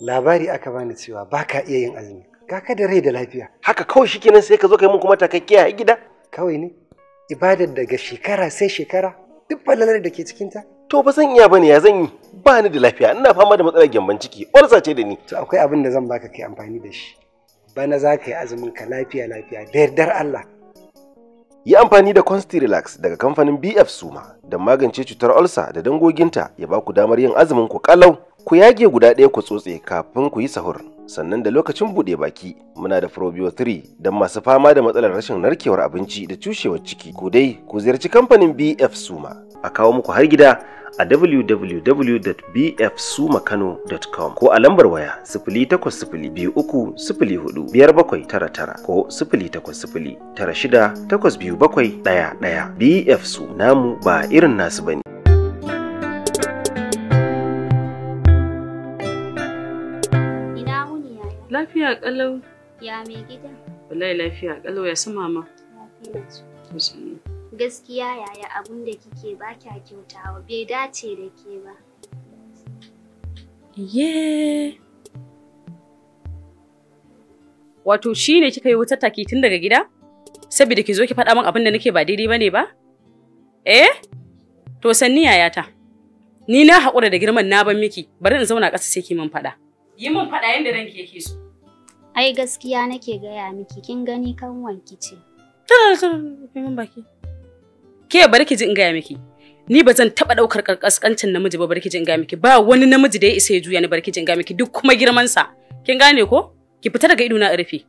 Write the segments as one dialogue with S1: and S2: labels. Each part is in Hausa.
S1: labari aka bani cewa baka iya yin azumi kaka da rai da lafiya haka kawai shikenan sai ka zo kai mun kuma takakkiya a gida kawai ne ibadar daga shekara sai shekara duk falalar da ke cikin ta to ba zan iya bane ya zan yi ba ni da lafiya ina fama da matsalar gyamban ciki wani ce da ni to akwai abin da zan baka kai amfani da shi bana za ka yi azumin ka lafiya lafiya da yardar Allah yi amfani da consti relax daga kamfanin bf suma don magance cutar ulcer da dangoginta ya ba ku damar yin azumin ku kalau ku yage guda ɗaya ku tsotse kafin ku yi sahur sannan da lokacin buɗe baki muna da probio 3 don masu fama da matsalar rashin narkewar abinci da cushewar ciki ku dai ku ziyarci kamfanin bf suma a kawo muku har gida a www.bfsumakano.com ko a lambar waya 08023045799 ko 080962771 BF su namu ba irin nasu bane.
S2: Lafiya ƙalau. Ya mai gida? Wallahi lafiya ƙalau ya su mama. Gaskiya yaya
S3: abun da kike ba kya kyautawa bai dace da ke ba.
S2: Ye! Wato shi ne kika yi wutar taki tun daga gida? Saboda ki zo ki faɗa min abin da nake ba daidai ba ne ba? Eh? To sanni yayata. Ni na haƙura da girman na ban miki, bari in zauna ƙasa sai ki min faɗa. Yi min faɗa yadda ranki yake so. Ai gaskiya nake gaya miki kin gani wanki ce. baki. Ke bari ki ji in gaya miki. Ni ba zan taɓa ɗaukar ƙarƙasƙancin namiji ba ji in gaya miki ba wani namiji da ya isa ya juya ni ji in gaya miki duk kuma girman sa Kin gane ko? Ki fita daga ido na rufe.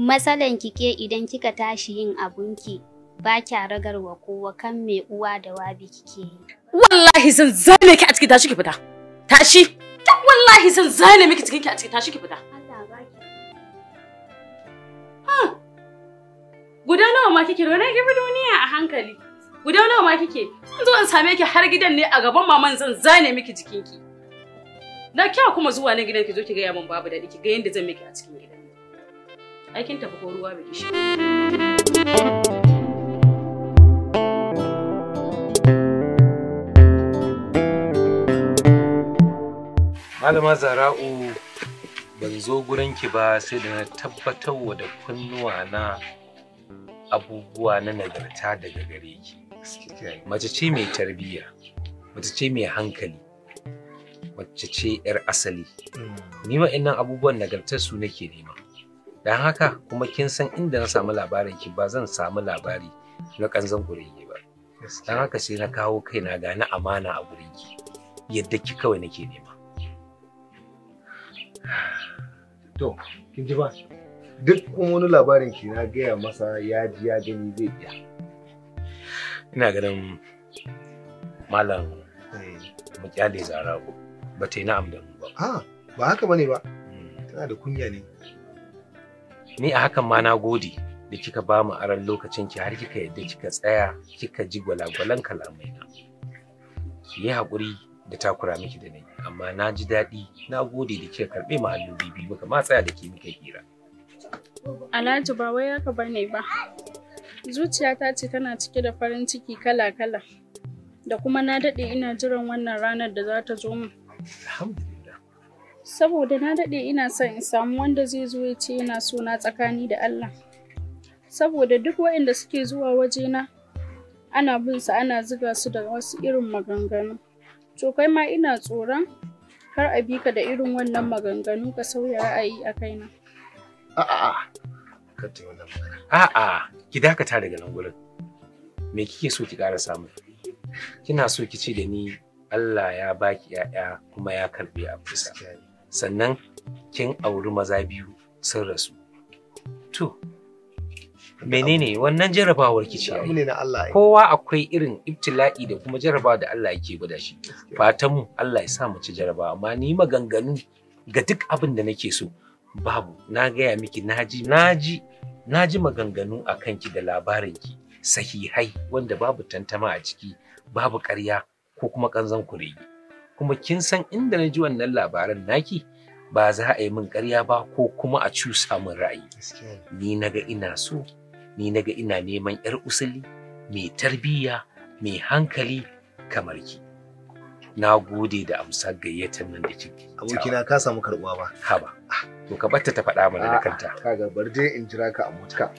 S2: Matsalan ki ke idan kika tashi yin abunki ba kya ragarwa kowa kan mai uwa da wabi kike yi. Wallahi zan zane ki a ciki tashi ki fita. Tashi. Wallahi zan zane miki cikin ki a ciki tashi ki fita. guda nawa ma kike rona gibi duniya a hankali guda nawa ma kike zan zo in same ki har gidan ne a gaban maman zan zane miki jikinki da kya kuma zuwa nan gidan ki zo ki ga yamin babu da ki ga yanda zan miki a cikin gidan kin tafi ko ruwa biki shi
S4: Malama Zara'u ban zo gurin ki ba sai da na tabbatar da kunnuwa na abubuwa na nagarta daga gare ki mace ce mai tarbiyya mace ce mai hankali mace ce 'yar asali mm. ni wa'annan abubuwan nagarta su nake nema don haka kuma kin san inda na samu labarin ki ba zan samu labari na kanzan kurege ba don haka sai na kawo kaina ga na amana a gurin ki yadda ki kawai nake nema
S5: to kin ji ba duk kuma wani labarin shi na gaya masa ya ji ya gani zai iya
S4: ina ganin malam eh. mukyale zarago ba ta yi na amdan
S5: ba a ba haka bane ba hmm. tana da kunya ne
S4: ni a hakan ma na gode da kika ba mu aran lokacin ki har kika yadda kika tsaya kika ji gwalagwalan kalamai na yi haƙuri da takura miki da ni? amma na ji daɗi na gode da kika karɓe mu allobi bibi muka ma tsaya da ke muka hira
S2: Alhaji ba wai haka bane ba. Zuciyata ce tana cike da farin ciki kala-kala. Da kuma na daɗe ina jiran wannan ranar da za ta zo min. Saboda na daɗe ina son in samu wanda zai zo ya ce yana so tsakani da Allah. Saboda duk waɗanda suke zuwa wajena ana bin su ana ziga su da wasu irin maganganu. To kai ma ina tsoron kar a bi ka da irin wannan maganganu ka sauya ra'ayi a kaina.
S5: A'a.
S4: A'a, ki dakata daga nan gurin. Me kike so ki ƙara samu? Kina so ki ce da ni Allah ya baki ‘ya'ya kuma ya karbi a fuska. Sannan kin auri maza biyu sun rasu. To, menene wannan jarabawar ki ce kowa akwai irin ibtila'i da kuma jarabawa da Allah yake gwada shi fatan mu Allah ya sa mu ci jarabawa amma ni maganganu ga duk abin da nake so babu na gaya miki naji naji naji maganganu a kanki da labarinki sahihai wanda babu tantama a ciki babu ƙarya ko kuma ƙanzan kuregi kuma kin san inda na ji wannan labaran naki ba za a yi min ƙarya ba ko kuma a cusa min ra'ayi ni naga ina so ni naga ina neman 'yar usuli mai tarbiyya mai hankali kamar ki na gode da amsar gayyatar nan da kike abokina ka samu karbuwa ba haba to ka batta ta faɗa mana da kanta
S5: ga bar dai in jira ka a mota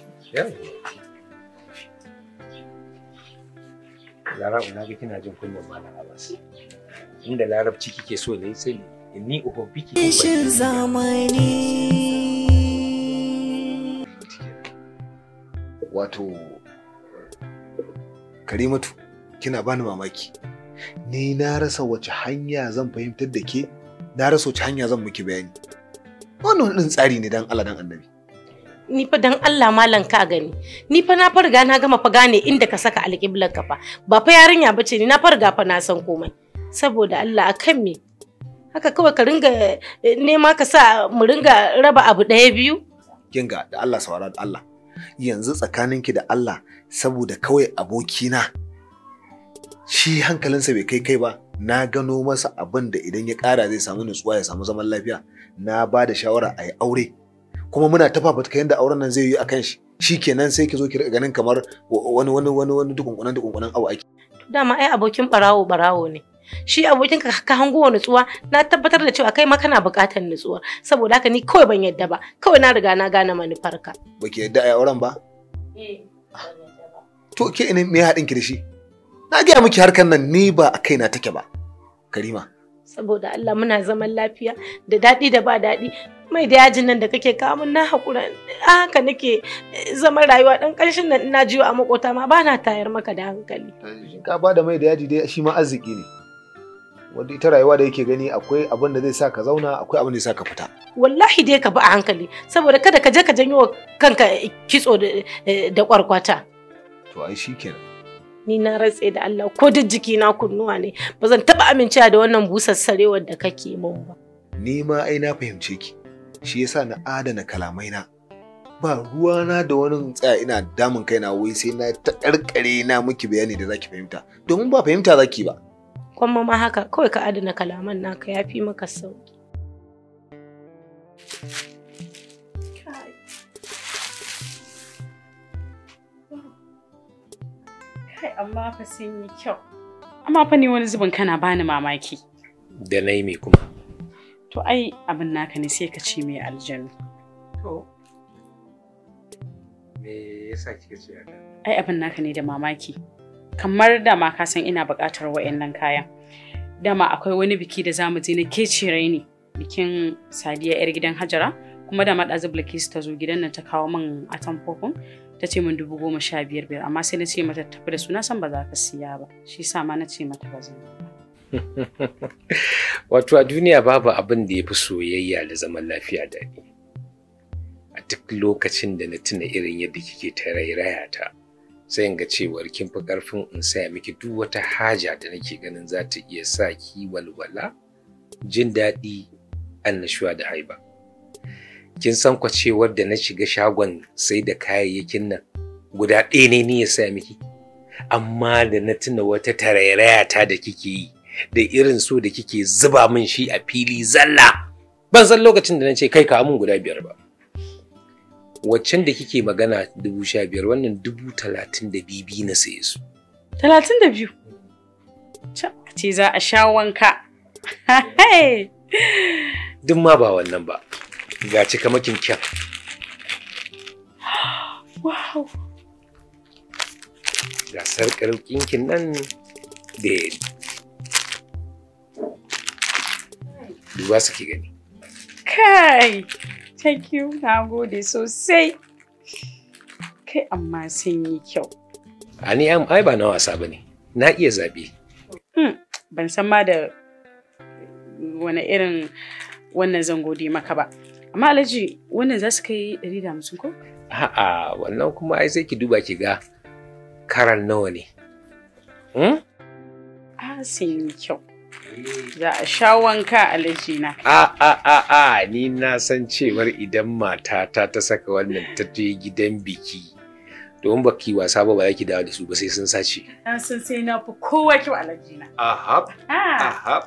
S4: Zara ina ga kina jin kunyar malam Abbas inda larabci kike so ne sai
S5: ni biki
S3: ko ba. zamani
S5: wato Karimatu kina bani mamaki ni na rasa wace hanya zan fahimtar da ke na rasa wace hanya zan miki bayani wannan ɗin tsari ne dan Allah dan annabi
S3: ni fa dan Allah malam ka gani ni fa na farga na gama fa gane inda ka saka alƙiblar ka fa ba fa yarinya bace ni na farga fa na san komai saboda Allah akan me haka kawai ka ringa eh, nema ka sa mu ringa raba abu ɗaya biyu
S5: kinga da Allah saurara da Allah yanzu tsakaninki da Allah saboda kawai abokina shi hankalinsa bai kai kai ba na gano masa abin da idan ya ƙara zai samu nutsuwa ya samu zaman lafiya na ba da shawara a yi aure kuma muna ta fafutuka yadda auren nan zai yi a kan shi shi kenan sai ki zo ki riga ganin kamar wani wani wani wani dukunkunan dukunkunan awa ake
S3: dama ai abokin barawo barawo ne shi abokin ka hango wa nutsuwa na tabbatar da cewa kai ma kana buƙatar nutsuwa saboda haka ni kawai ban yadda ba kawai na riga na gane manufarka
S5: baki yadda a yi auren ba eh, to ke ne me haɗin ki da shi na gaya miki harkar nan ni ba a kaina take ba karima
S3: saboda Allah muna zaman lafiya da daɗi da ba daɗi mai da yajin nan da kake kawo min na haƙura haka nake zaman rayuwa ɗan ƙarshen nan ina jiwo a makota ma bana tayar maka da hankali
S5: ka ba da mai da yaji dai shi ma arziki ne wanda ita rayuwa da yake gani akwai abin da zai sa ka zauna akwai abin da zai sa ka fita
S3: wallahi dai ka bi a hankali saboda kada ka je ka janyo kanka kitso da kwarkwata eh,
S5: to ai shikenan
S3: ni na ratse da Allah ko da jiki na kunnuwa ne ba zan taba amincewa da wannan busar sarewar da kake min ba
S5: ni ma ai na fahimce ki shi yasa na adana kalamai Ba ruwa na da wani tsaya ina damun kai na wai sai na ta karkare na miki bayani da zaki fahimta domin ba fahimta zaki ba
S3: kuma ma haka kawai ka adana kalaman naka yafi maka sauki
S2: Kai amma fa sun yi kyau. Amma fa ni wani zubin kana bani mamaki. Da na yi kuma? To ai abin naka ne sai ka ce mai aljanu. To.
S4: Me yasa kike ce haka?
S2: Ai abin naka ne da mamaki. Kamar da ma ka san ina buƙatar wa'annan kayan. Dama akwai wani biki da zamu je na kecire ne. Bikin Sadiya 'yar gidan Hajara. kuma da maɗazi Bilkisu ta zo gidan nan ta kawo min atamfofin ta ce min dubu goma sha biyar biyar amma sai na ce mata tafi da su na san ba za ka siya ba shi sa ma na ce mata ba zan
S4: wato a duniya babu abin da ya fi soyayya da zaman lafiya daɗi a duk lokacin da na tuna irin yadda kike ta rairaya ta sai in ga cewar kin fi karfin in saya miki duk wata haja da nake ganin za ta iya sa ki walwala jin daɗi annashuwa da haiba kin san cewar da na shiga shagon sai da kayayyakin nan guda ɗaya ne ni ya sa miki amma da na tuna wata tarairaya ta da kike yi da irin so da kike zuba min shi a fili zalla ban san lokacin da na ce kai ka mun guda biyar ba waccan da kike magana dubu sha biyar wannan dubu talatin da bibi na saye su
S2: talatin da biyu ce za a sha wanka
S4: duk ma ba wannan ba ga cika makin kyan wow ga sarƙar kinkin nan da ya duba suke gani
S2: kai thank you na gode sosai kai amma sun yi kyau
S4: a ni ai ba na wasa ba ne na iya zaɓe
S2: hmm. ban san ma da wani irin wannan zan gode maka ba Amma Alhaji wannan za su kai ɗari da hamsin ko?
S4: A'a wannan kuma ai sai ki duba ki ga karan nawa ne. Hmm?
S2: A sun kyau. Za a sha wanka Alhaji na.
S4: A a a a ni na san cewar idan matata ta saka wannan ta gidan biki. domin ba ki wasa ba ba ya ki dawo da su ba sai sun sace.
S2: Na san sai na fi kowa kyau a lajina. Aha. Ah. Aha.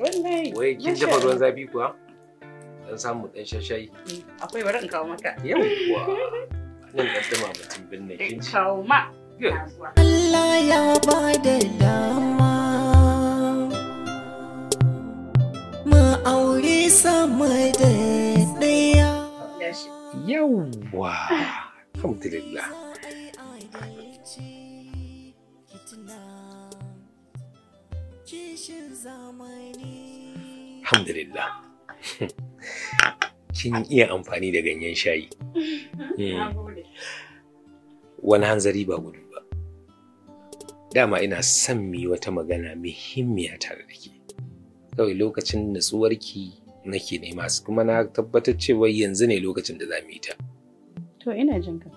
S2: Wallahi. Wai kin dafa ruwan
S4: zafi kuwa? dan samu dan shashai hmm,
S2: akwai bari in kawo maka yawwa nan kaddama mutum binne eh, kin kawo ma
S3: Allah ya ba da dama Ma aure sama da daya yawwa
S4: alhamdulillah alhamdulillah kin iya amfani da ganyen shayi hmm. wani hanzari ba gudu ba dama ina son mi wata magana muhimmiya tare da ke kawai lokacin natsuwarki nake nema su kuma na tabbatar cewa yanzu ne lokacin da za mu yi ta
S2: to ina jin ka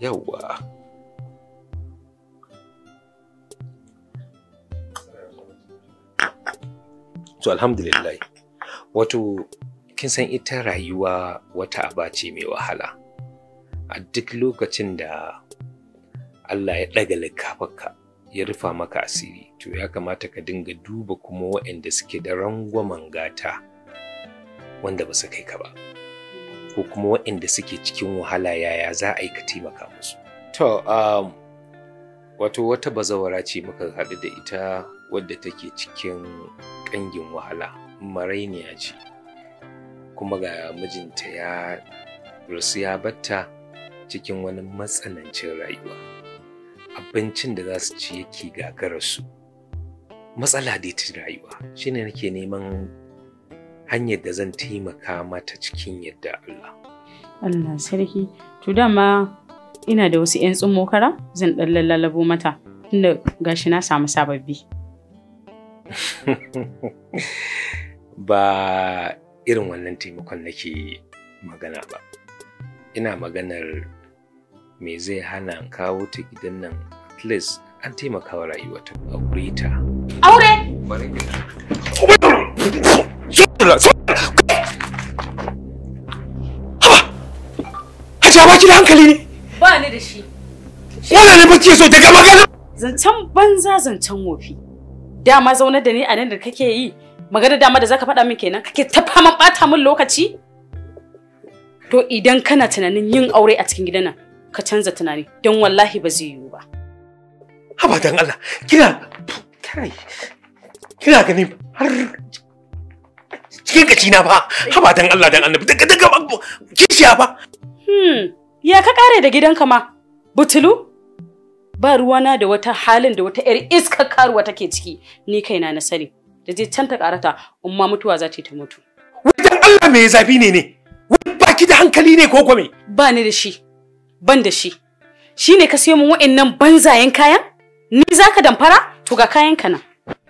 S4: yawwa to alhamdulillah wato kin san ita rayuwa wata aba ce mai wahala a duk lokacin da Allah ya ɗaga likafarka ya rufa maka asiri to ya kamata ka dinga duba kuma waɗanda suke da rangwamen gata wanda ba su kai ka ba ko kuma waɗanda suke cikin wahala yaya za a yi ka taimaka musu to um, wato wata bazawara ce muka haɗu da ita wadda take cikin ƙangin wahala marainiya ce kuma ga mijinta ya rasu ya batta cikin wani matsanancin rayuwa abincin da za su ci yake gagararsu matsala da ta rayuwa shine nake neman hanyar da zan taimaka mata cikin yadda Allah
S2: Allah sarki to dama ina da wasu 'yan mokara zan ɗan lallabo mata tunda gashi na samu sababbi
S4: ba irin wannan taimakon nake magana ba ina maganar me zai hana kawo ta gidan nan at least an taimaka wa rayuwata aure
S2: ta aure
S1: Hajiya ba da hankali
S2: ne? Ba ni da shi. Wannan ne ba so daga magana? Zancen banza zancen wofi. Dama zaunar da ni a nan da kake yi magana dama da zaka faɗa min kenan kake ta faman ɓata min lokaci to idan kana tunanin yin aure a cikin gidan nan ka canza tunani don wallahi ba zai yiwu ba
S4: haba dan Allah kina kai kina gani har cikin kaci na ba haba dan Allah dan annabi daga daga kishiya ba
S2: hmm ya ka kare da gidanka ma butulu ba ruwana da wata halin da wata 'yar iskar karuwa take ciki ni kaina na sani da je can ta karata umma mutuwa za ta mutu wajen Allah mai zafi ne ne baki da hankali ne ko kome ba ni da shi ban da shi shine ka siyo min wa'annan banzayen kayan ni zaka damfara to ga kayan ka nan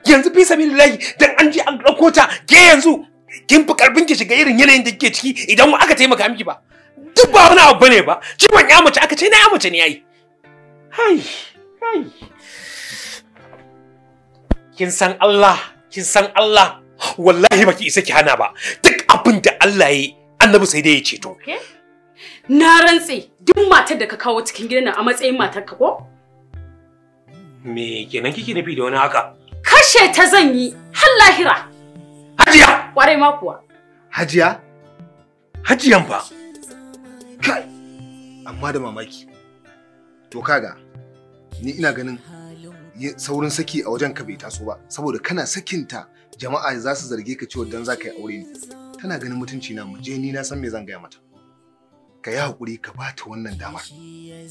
S2: yanzu fi sabilillahi dan an ji an dauko ta ke yanzu
S4: kin fi karbin ki shiga irin yanayin da kike ciki idan aka taimaka miki ba duk ba wani abu bane ba ciwon ya mace aka ce na ya mace ne yayi hai hai kin san Allah kin san Allah wallahi baki isa ki hana ba duk abin da Allah yi annabi sai dai ya ceto
S2: na rantse duk matar da ka kawo cikin gidan nan a matsayin matar ka ko
S4: me kenan kike nufi da wani haka
S2: kashe ta zan yi har lahira hajiya kware ma kuwa
S5: hajiya hajiyan fa kai amma da mamaki to kaga ni ina ganin saurin saki a wajen ka bai taso ba saboda kana sakinta jama'a za su zarge ka cewa dan za ka yi aure ne tana ganin mutunci na mu je ni na san me zan gaya mata ka yi hakuri ka ba ta wannan damar ka yi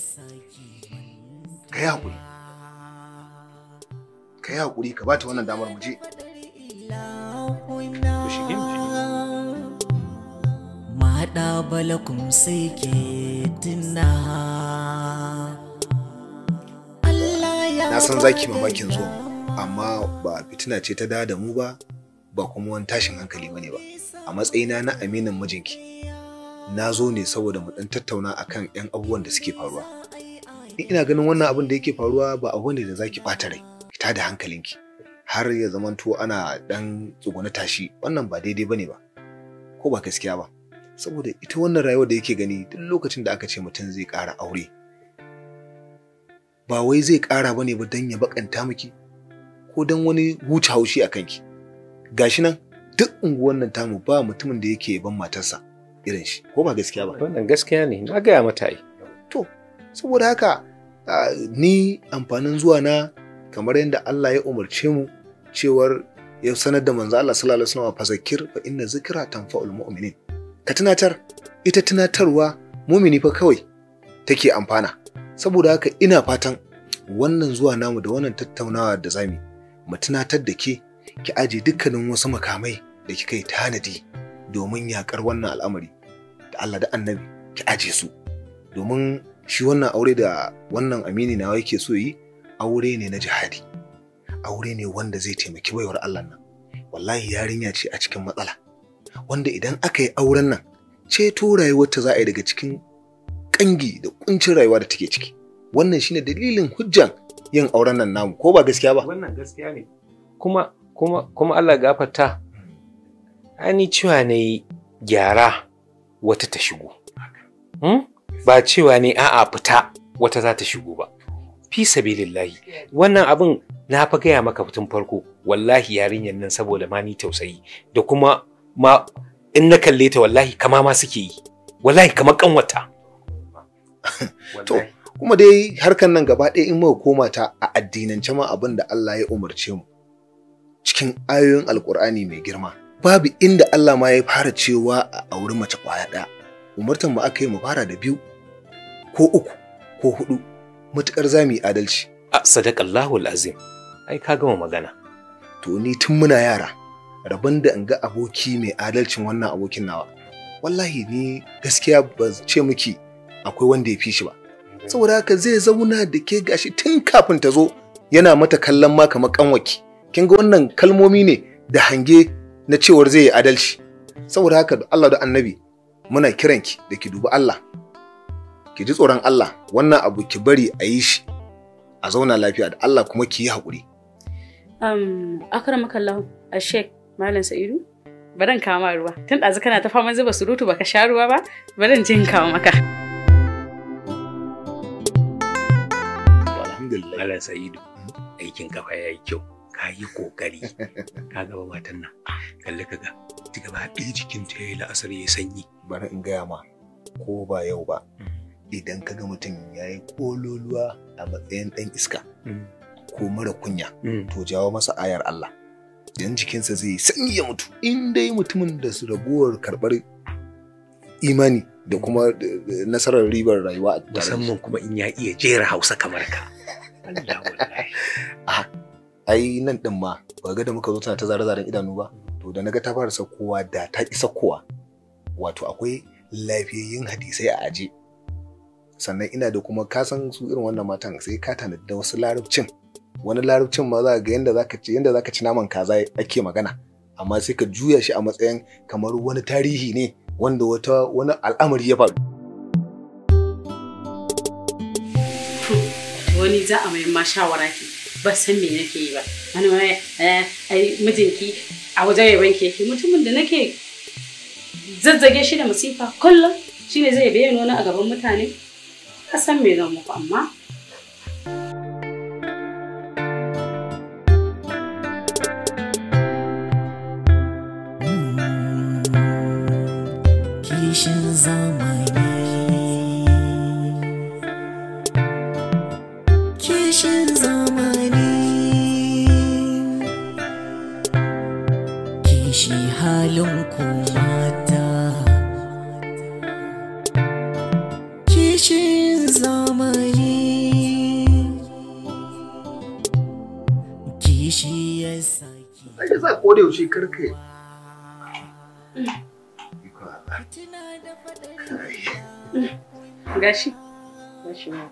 S5: hakuri ka yi hakuri ka ba ta wannan damar mu je
S3: balakum sai ke tunawa na san zaki
S5: mamakin zo amma ba fitina ce ta da da mu ba ba kuma wani tashin hankali bane ba a matsayina na aminin mijinki na zo ne saboda mu dan tattauna akan yan abubuwan da suke faruwa ni ina ganin wannan abin da yake faruwa ba abu ne da zaki bata rai ta da hankalinki har ya zamanto ana dan tsuguna tashi wannan ba daidai bane ba ko ba gaskiya ba saboda ita wannan rayuwar da yake gani duk lokacin da aka ce mutum zai kara aure ba wai zai ƙara bane ba don ya bakanta miki ko don wani huce haushi a kanki gashi nan duk unguwan nan tamu ba mutumin da yake ban matarsa irin shi ko ba gaskiya ba wannan gaskiya ne na gaya mata yi to saboda haka ni amfanin zuwa na kamar yadda Allah ya umarce mu cewar ya sanar da manzo Allah sallallahu alaihi wasallam fazakir fa inna zikra tanfa'ul mu'minin ka tunatar ita tunatarwa mumini fa kawai take amfana saboda haka ina fatan wannan zuwa namu da wannan tattaunawa da zami mu tunatar da ke ki aje dukkanin wasu makamai da kika yi tanadi domin yakar wannan al'amari da Allah da annabi ki aje su domin shi wannan aure da wannan amini nawa yake so yi aure ne na jihadi aure ne wanda zai taimaki baiwar Allah nan wallahi yarinya ce a cikin matsala wanda idan aka yi auren nan ceto rayuwarta za a yi daga cikin kangi da kuncin rayuwa da take ciki wannan shine dalilin hujjan yin auren nan namu ko ba gaskiya ba wannan gaskiya ne kuma kuma kuma Allah gafarta
S4: ani cewa ne gyara wata ta shigo hmm? ba cewa ne a'a fita wata za ta shigo ba fi sabilillahi wannan abin na fa gaya maka tun farko wallahi yarinyar nan saboda mani tausayi da kuma ma in na kalle ta wallahi kama ma suke yi wallahi kamar kanwata to
S5: kuma dai harkan nan gaba ɗaya in muka koma ta a addinance ma abin da Allah ya umarce mu cikin ayoyin alkur'ani mai girma babu inda Allah ma ya fara cewa a auri mace kwaya ɗaya umartan mu aka yi mu fara da biyu ko uku ko hudu matuƙar za mu yi adalci a sadaqallahu azim ai ka gama magana to ni tun muna yara rabon da in ga aboki mai adalcin wannan abokin nawa wallahi ni gaskiya ba ce miki akwai wanda ya fi shi ba saboda haka zai zauna da ke gashi tun kafin ta zo yana mata kallon ma kamar kanwaki kin ga wannan kalmomi ne da hange na cewar zai yi adalci saboda haka Allah da annabi muna kiranki da ki dubi Allah ki ji tsoron Allah wannan abu ki bari a yi shi a zauna lafiya da Allah kuma ki yi
S2: haƙuri. Um, Allah a shek malam sa'idu baran kama ruwa tun ɗazu kana ta fama zuba surutu baka sha ruwa ba baran jin kawo maka.
S4: Malam Sa'idu aikin kafa ya yi kyau ka yi kokari ka gaba matan nan kalli ka ga
S5: ji gaba ɗin jikin ta yi la'asar ya sanyi bari in gaya ma ko ba yau ba hmm. idan ka ga mutum ya yi kololuwa a matsayin ɗan iska hmm. ko mara kunya hmm. to jawo masa ayar Allah idan jikinsa zai sanyi ya mutu in dai mutumin da su raguwar karɓar imani da kuma eh, nasarar ribar rayuwa musamman kuma in ya iya
S4: jera hausa kamar ka
S5: Ah, ai nan din ma ba ga da muka zo tana ta zare-zaren idanu ba. To da naga ta fara sakowa da ta isa kowa. Wato akwai lafiyayyin hadisai a aje. Sannan ina da kuma ka san su irin wannan matan sai ka tanadi da wasu larabcin. Wani larabcin ma za ga yanda zaka ci yanda zaka ci naman kaza ake magana. Amma sai ka juya shi a matsayin kamar wani tarihi ne wanda wata wani al'amari ya faru.
S2: wani za a mayan ma shawara ki ba san me nake yi ba wani ma eh, ai mijinki a wajen yaban keke mutumin da nake zazzage shi da masifa kullum shine zai bayyana wani a gaban mutane a san me zan muku amma hmm, Kishin
S5: da yaushe karka
S2: gashi gashi ma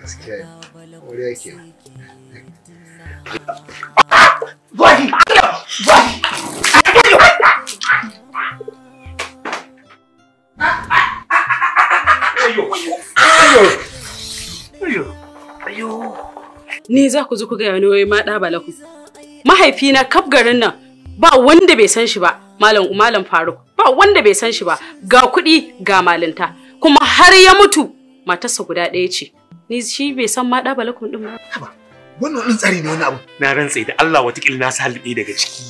S2: gaskiya
S5: wuri yake
S3: Body! Body!
S2: Ni za ku zo ku gaya ni wai ma ɗa bala ku. mahaifina kaf garin nan ba wanda bai san shi ba malam malam faruk ba wanda bai san shi ba ga kuɗi ga malinta kuma har ya mutu matarsa guda ɗaya ce ni shi bai san ma ɗaba lakun ɗin ba
S4: wannan wani tsari ne wani abu na rantsa da Allah watakil na sa halbe daga ciki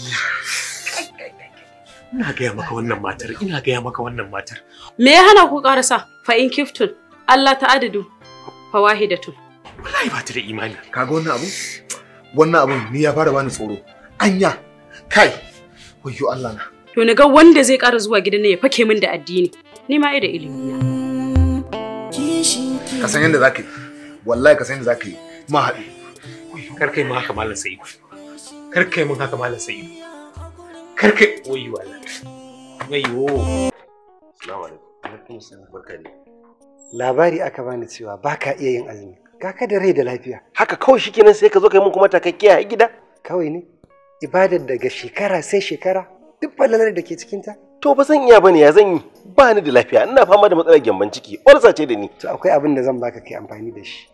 S4: ina gaya maka wannan matar ina gaya maka wannan matar
S2: me ya hana ku karasa fa in kiftun Allah ta adadu fa wahidatu
S5: wallahi ba ta da imani kaga wannan abu wannan abun ni ya fara bani tsoro anya kai wayo Allah na
S2: to na ga wanda zai ƙara zuwa gidan ne ya fake min da addini ni ma da ilimi na ka san yadda
S5: zaka yi wallahi ka san yadda zaka yi ma haɗu kar kai ma haka malam sa'idu kar kai mun haka malam sa'idu kar kai
S4: wayo Allah wayo assalamu alaikum alaikum
S1: labari aka bani cewa baka iya yin azumi ga ka da rai da lafiya haka kawai shi shikenan sai ka zo kai mun kuma takakkiya a gida kawai ne ibadar daga shekara sai shekara duk falalar da ke cikin ta to ba zan iya bane ya zan yi ba ni da lafiya ina fama da matsalar gyamban ciki wani ce da ni to akwai abin da zan baka kai amfani da shi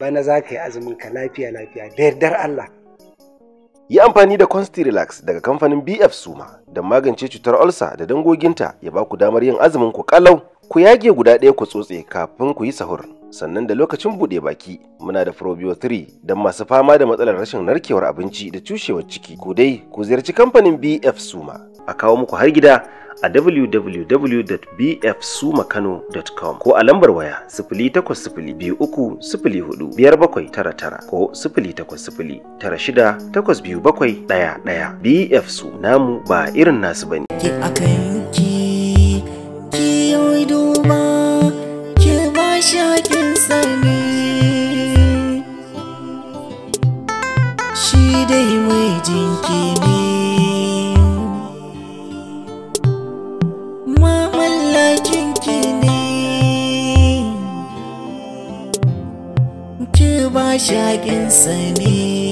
S1: bana za ka yi azumin ka lafiya lafiya da yardar Allah yi amfani da consti relax daga kamfanin bf suma don magance cutar olsa da dangoginta ya ba ku damar yin azumin ku kalau ku yage guda ɗaya ku tsotse kafin ku yi sahur sannan da lokacin buɗe baki muna da probio 3 don masu fama da matsalar rashin narkewar abinci da cushewar ciki ku dai ku ziyarci kamfanin bf suma a kawo muku har gida a www.bfsumakano.com ko a lambar waya 08023045799 ko ɗaya. bf su namu ba irin nasu ba ne.
S3: mashaƙinsa ne